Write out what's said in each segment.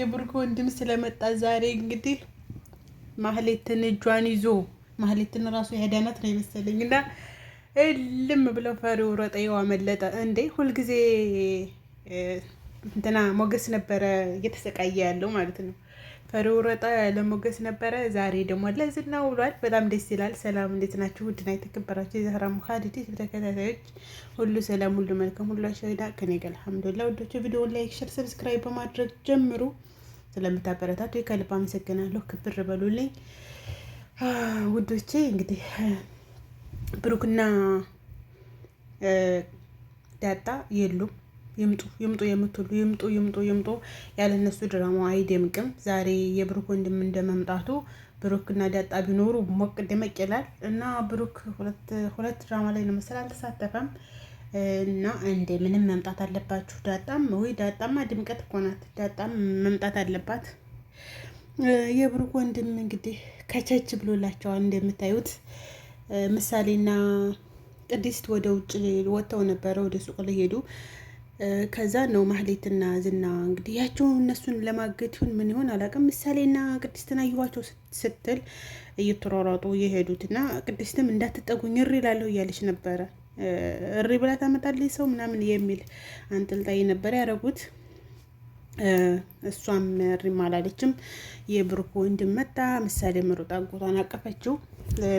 የብሩክ ወንድም ስለመጣ ዛሬ እንግዲህ ማህሌትን እጇን ይዞ ማህሌትን ራሱ ያዳናት ነው የመሰለኝ እና እልም ብለው ፈሪው ሮጠው አመለጠ። እንዴ ሁልጊዜ እንትና ሞገስ ነበረ እየተሰቃየ ያለው ማለት ነው። ፈርውረጣ ያለ ሞገስ ነበረ። ዛሬ ደግሞ ለዝናው ውሏል። በጣም ደስ ይላል። ሰላም፣ እንዴት ናችሁ? ውድና የተከበራችሁ የዛህራ ሙካድ ተከታታዮች ሁሉ ሰላም፣ ሁሉ መልካም፣ ሁሉ አሸዳ ከኔ ጋር አልሐምዱሊላህ። ወዶቹ ቪዲዮውን ላይክ፣ ሸር፣ ሰብስክራይብ በማድረግ ጀምሩ። ስለምታበረታቱ ከልብ አመሰግናለሁ። ክብር በሉልኝ ውዶቼ። እንግዲህ ብሩክና ዳጣ የሉም ይምጡ ይምጡ የምትሉ ይምጡ ይምጡ ይምጡ። ያለነሱ ድራማው አይደምቅም። ዛሬ የብሩክ ወንድም እንደመምጣቱ ብሩክ እና ዳጣ ቢኖሩ ሞቅ ደመቅ ይላል እና ብሩክ ሁለት ድራማ ላይ ነው መሰል አልተሳተፈም እና እንደ ምንም መምጣት አለባችሁ። ዳጣም ወይ ዳጣማ ድምቀት እኮ ናት። ዳጣም መምጣት አለባት። የብሩክ ወንድም እንግዲህ ከቸች ብሎላቸዋል። እንደምታዩት ምሳሌና ቅድስት ወደ ውጭ ወጥተው ነበረ፣ ወደ ሱቅ ላይ ሄዱ። ከዛ ነው ማህሌትና ዝና እንግዲህ ያቸው እነሱን ለማገት ይሁን ምን ይሆን አላውቅም። ምሳሌና ቅድስትን አየኋቸው ስትል እየተሯሯጡ የሄዱትና ቅድስትም እንዳትጠጉኝ እሪ እላለሁ እያለች ነበረ። እሪ ብላ ታመጣልኝ ሰው ምናምን የሚል አንጥልጣይ ነበር ያረጉት። እሷም እሪም አላለችም። የብሩክ ወንድም መጣ። ምሳሌ መሮጣ አጎቷን አቀፈችው።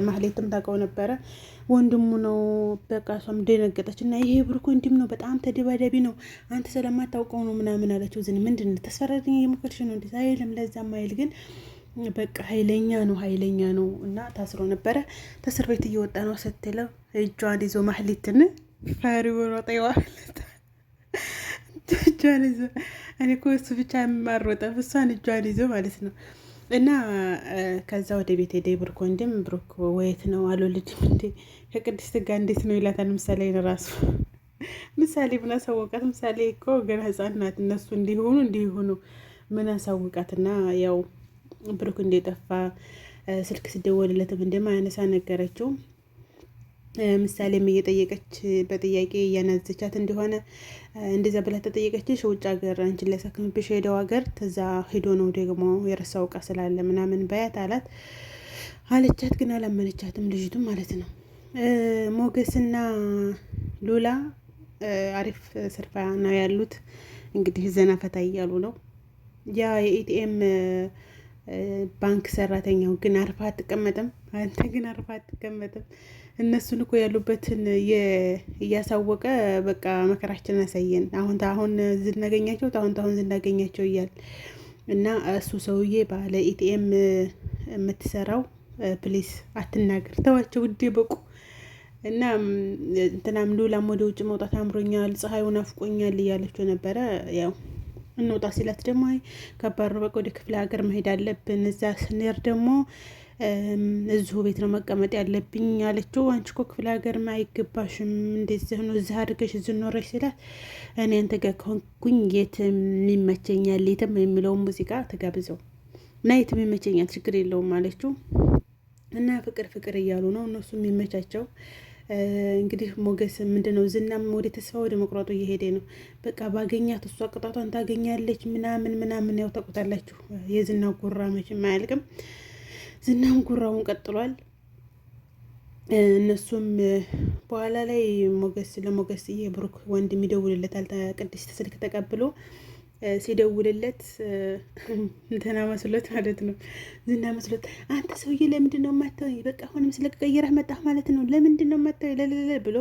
ማህሌትም ታውቀው ነበረ ወንድሙ ነው። በቃ እሷም ደነገጠች እና ይሄ የብሩክ ወንድም ነው፣ በጣም ተደባዳቢ ነው፣ አንተ ስለማታውቀው ነው ምናምን አለችው። ዝን ምንድን ተስፈረድኝ የሞከርሽ ነው እንዴት አይልም፣ ለዛም አይል ግን በቃ ኃይለኛ ነው ኃይለኛ ነው እና ታስሮ ነበረ። ተስር ቤት እየወጣ ነው ስትለው እጇን ይዞ ማህሌትን ፈሪ ሮጠ ይዋለት እጇን ይዞ እኔ እኮ እሱ ብቻ የማሮጠፍ እሷን እጇን ይዞ ማለት ነው። እና ከዛ ወደ ቤት ሄደ። ብሩክ ወንድም ብሩክ ወየት ነው አሉ ልጅም እንዴ ከቅድስት ጋር እንዴት ነው ይላታል። ምሳሌ ራሱ ምሳሌ ምን አሳወቃት? ምሳሌ እኮ ገና ሕፃን ናት። እነሱ እንዲሆኑ እንዲሆኑ ምን አሳወቃት? እና ያው ብሩክ እንደጠፋ ስልክ ስደወልለትም እንደማያነሳ ነገረችው። ምሳሌም እየጠየቀች በጥያቄ እያነዘቻት እንደሆነ እንደዛ ብላ ተጠየቀችሽ። ውጭ ሀገር አንቺን ሊያሳክምብሽ ሄደው ሀገር ተዛ ሄዶ ነው ደግሞ የረሳው እቃ ስላለ ምናምን በያት አላት አለቻት። ግን አላመነቻትም ልጅቱም ማለት ነው። ሞገስና ሉላ አሪፍ ስርፋ ነው ያሉት። እንግዲህ ዘና ፈታ እያሉ ነው ያ የኢቲኤም ባንክ ሰራተኛው ግን አርፋ አትቀመጥም። አንተ ግን አርፋ አትቀመጥም። እነሱን እኮ ያሉበትን እያሳወቀ በቃ መከራችንን አሳየን። አሁን አሁን ዝናገኛቸው አሁን አሁን ዝናገኛቸው እያል እና እሱ ሰውዬ ባለ ኢቲኤም የምትሰራው ፕሊስ አትናገር፣ ተዋቸው በቁ እና እንትናም ሉላም ወደ ውጭ መውጣት አምሮኛል፣ ፀሐዩን አፍቆኛል እያለችው ነበረ ያው እንውጣ ሲላት ደግሞ ከባድ ነው፣ በቃ ወደ ክፍለ ሀገር መሄድ አለብን። እዛ ስንሄድ ደግሞ እዚሁ ቤት ነው መቀመጥ ያለብኝ አለችው። አንቺ እኮ ክፍለ ሀገር አይገባሽም፣ እንደዚህ ነው እዚህ አድርገሽ እዚህ ኖረሽ ሲላት፣ እኔ አንተ ጋር ከሆንኩኝ የት ይመቸኛል፣ የትም የሚለውን ሙዚቃ ተጋብዘው እና የትም ይመቸኛል፣ ችግር የለውም አለችው። እና ፍቅር ፍቅር እያሉ ነው እነሱ የሚመቻቸው እንግዲህ ሞገስ ምንድን ነው ዝናም ወደ ተስፋ ወደ መቁረጡ እየሄደ ነው። በቃ ባገኛት እሷ ቅጣቷን ታገኛለች ምናምን ምናምን፣ ያው ታውቁታላችሁ የዝና ጉራ መቼም አያልቅም። ዝናም ጉራውን ቀጥሏል። እነሱም በኋላ ላይ ሞገስ ለሞገስ የብሩክ ወንድ የሚደውልለታል ቅድስት ስልክ ተቀብሎ ሲደውልለት እንትና መስሎት ማለት ነው ዝና መስሎት አንተ ሰውዬ ለምንድን ነው የማታወኝ? በቃ አሁንም ስለቀየረህ መጣህ ማለት ነው። ለምንድን ነው የማታወኝ? ለለለ ብሎ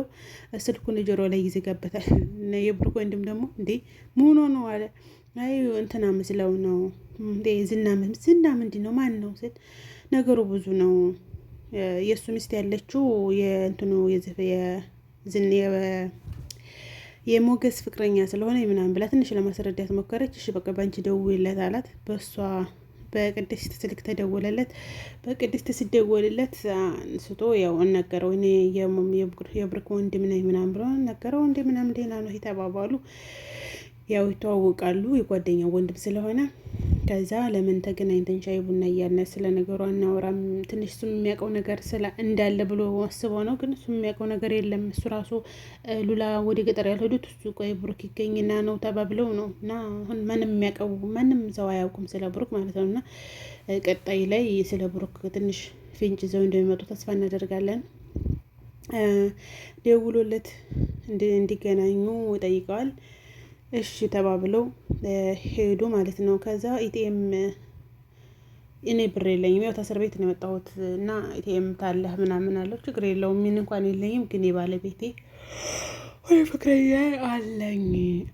ስልኩን ጆሮ ላይ ይዘጋበታል። እና የብሩክ ወንድም ደግሞ እንዴ ሙኖ ነው አለ። አይ እንትና መስለው ነው እንዴ ዝና ዝና ምንድን ነው ማን ነው ስል ነገሩ ብዙ ነው። የእሱ ሚስት ያለችው የእንትኑ የዝና የሞገስ ፍቅረኛ ስለሆነ ምናምን ብላ ትንሽ ለማስረዳት ሞከረች። እሺ በቃ በአንቺ ደውይለት አላት። በእሷ በቅድስት ስልክ ተደወለለት። በቅድስት ሲደወልለት አንስቶ ያው እነገረው እኔ የብሩክ ወንድም ነኝ ምናምን ብሎ ነገረው። እንደ ምናምን ደህና ነው የተባባሉ ያው ይተዋወቃሉ የጓደኛው ወንድም ስለሆነ ከዛ ለምን ተገናኝተን ሻይ ቡና እያልን ስለ ነገሩ አናወራም? ትንሽ እሱም የሚያውቀው ነገር እንዳለ ብሎ አስበው ነው። ግን እሱም የሚያውቀው ነገር የለም። እሱ ራሱ ሉላ ወደ ገጠር ያልሄዱት እሱ ቆይ ብሩክ ይገኝና ነው ተባብለው ነው። እና አሁን ማንም የሚያውቀው ማንም ሰው አያውቁም ስለ ብሩክ ማለት ነው። እና ቀጣይ ላይ ስለ ብሩክ ትንሽ ፍንጭ ይዘው እንደሚመጡ ተስፋ እናደርጋለን። ደውሎለት እንዲገናኙ ጠይቀዋል። እሺ ተባብለው ሄዱ ማለት ነው። ከዛ ኢቲኤም እኔ ብር የለኝም ያው ታስር ቤት ነው የመጣሁት እና ኢቲኤም ታለህ ምናምን አለው። ችግር የለውም ምን እንኳን የለኝም ግን የባለቤቴ ወይ ፍቅረኛ አለኝ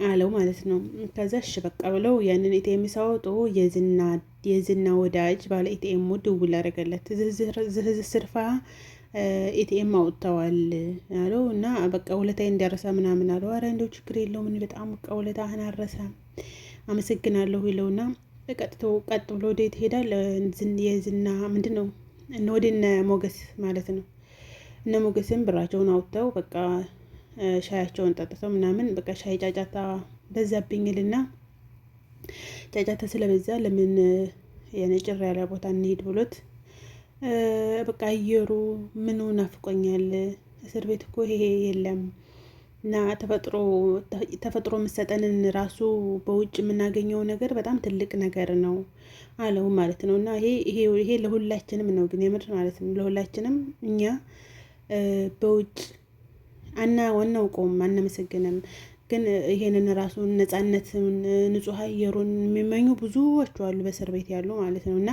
አለው ማለት ነው። ከዛ እሺ በቃ ብለው ያንን ኢቲኤም ሳወጡ የዝና የዝና ወዳጅ ባለ ኢቲኤሙ ድውል አደረገለት ዝህ ስርፋ ኤቲኤም አውጥተዋል አለው እና በቃ ውለታዬ እንዳረሳ ምናምን አለው። አረ እንደው ችግር የለውም እኔ በጣም በቃ ውለታህን አረሳ አመሰግናለሁ ይለውና ቀጥቶ ቀጥ ብሎ ወደ ይሄዳል። የዝና ምንድን ነው ወደ እነ ሞገስ ማለት ነው። እነ ሞገስም ብራቸውን አውጥተው በቃ ሻያቸውን ጠጥተው ምናምን በቃ ሻይ ጫጫታ በዛብኝልና ጫጫታ ስለበዛ ለምን የነጭር ያለ ቦታ እንሄድ ብሎት በቃ አየሩ ምኑ ናፍቆኛል። እስር ቤት እኮ ይሄ የለም እና ተፈጥሮ ተፈጥሮ ራሱ በውጭ የምናገኘው ነገር በጣም ትልቅ ነገር ነው አለው ማለት ነው። እና ይሄ ይሄ ለሁላችንም ነው ግን የምር ማለት ነው ለሁላችንም እኛ በውጭ አና ቆም አናመሰግንም ግን ይሄንን ራሱን ነጻነትን ንጹህ አየሩን የሚመኙ ብዙዎቹ አሉ በእስር ቤት ያሉ ማለት ነው እና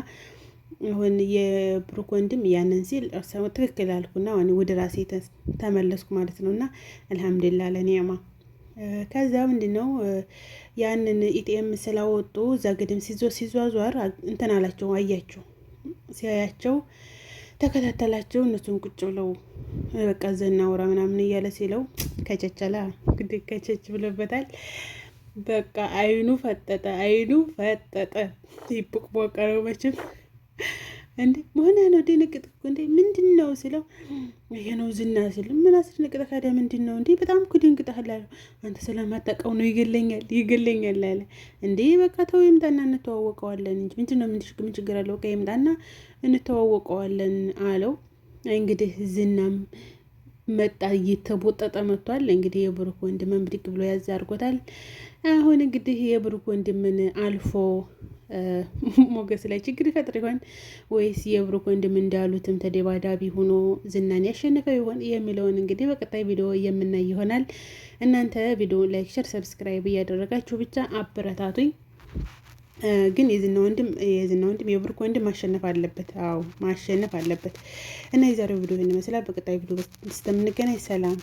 አሁን የብሩክ ወንድም ያንን ሲል ትክክል አልኩና ወደ ራሴ ተመለስኩ ማለት ነው። እና አልሐምዱላ ለኒዕማ ከዛ ምንድን ነው ያንን ኢቲኤም ስላወጡ እዛ ግድም ሲዞ ሲዟዟር እንትን አላቸው አያቸው ሲያያቸው ተከታተላቸው እነሱም ቁጭ ብለው በቃ ዘናውራ ምናምን እያለ ሲለው ከቸቸላ ግድ ከቸች ብሎበታል። በቃ አይኑ ፈጠጠ አይኑ ፈጠጠ ይብቅ ቦቀ መችም እንዴ መሆነ ነው ድንቅጥ እንዴ ምንድን ነው ስለው ይሄ ነው ዝና ስል ምን አስደንቅጠ ታዲያ ምንድን ነው እንዴ በጣም እኮ ድንቅጠሃል አለው አንተ ስለማታውቀው ነው ይገለኛል ይገለኛል አለ እንዴ በቃ ተው ይምጣና እንተዋወቀዋለን እንጂ ምንድን ነው ምን ችግር አለው በቃ ይምጣና እንተዋወቀዋለን አለው እንግዲህ ዝናም መጣ እየተቦጠጠ መጥቷል። እንግዲህ የብሩክ ወንድምን ብድግ ብሎ ያዝ አድርጎታል። አሁን እንግዲህ የብሩክ ወንድምን አልፎ ሞገስ ላይ ችግር ይፈጥር ይሆን ወይስ የብሩክ ወንድም እንዳሉትም ተደባዳቢ ሆኖ ዝናን ያሸነፈ ይሆን የሚለውን እንግዲህ በቀጣይ ቪዲዮ የምናይ ይሆናል። እናንተ ቪዲዮ ላይክ፣ ሸር፣ ሰብስክራይብ እያደረጋችሁ ብቻ አበረታቱኝ። ግን የዝና ወንድም የዝና ወንድም የብሩክ ወንድም ማሸነፍ አለበት። አዎ ማሸነፍ አለበት እና የዛሬው ቪዲዮ ይህን ይመስላል። በቀጣይ ቪዲዮ ስተምንገናኝ ሰላም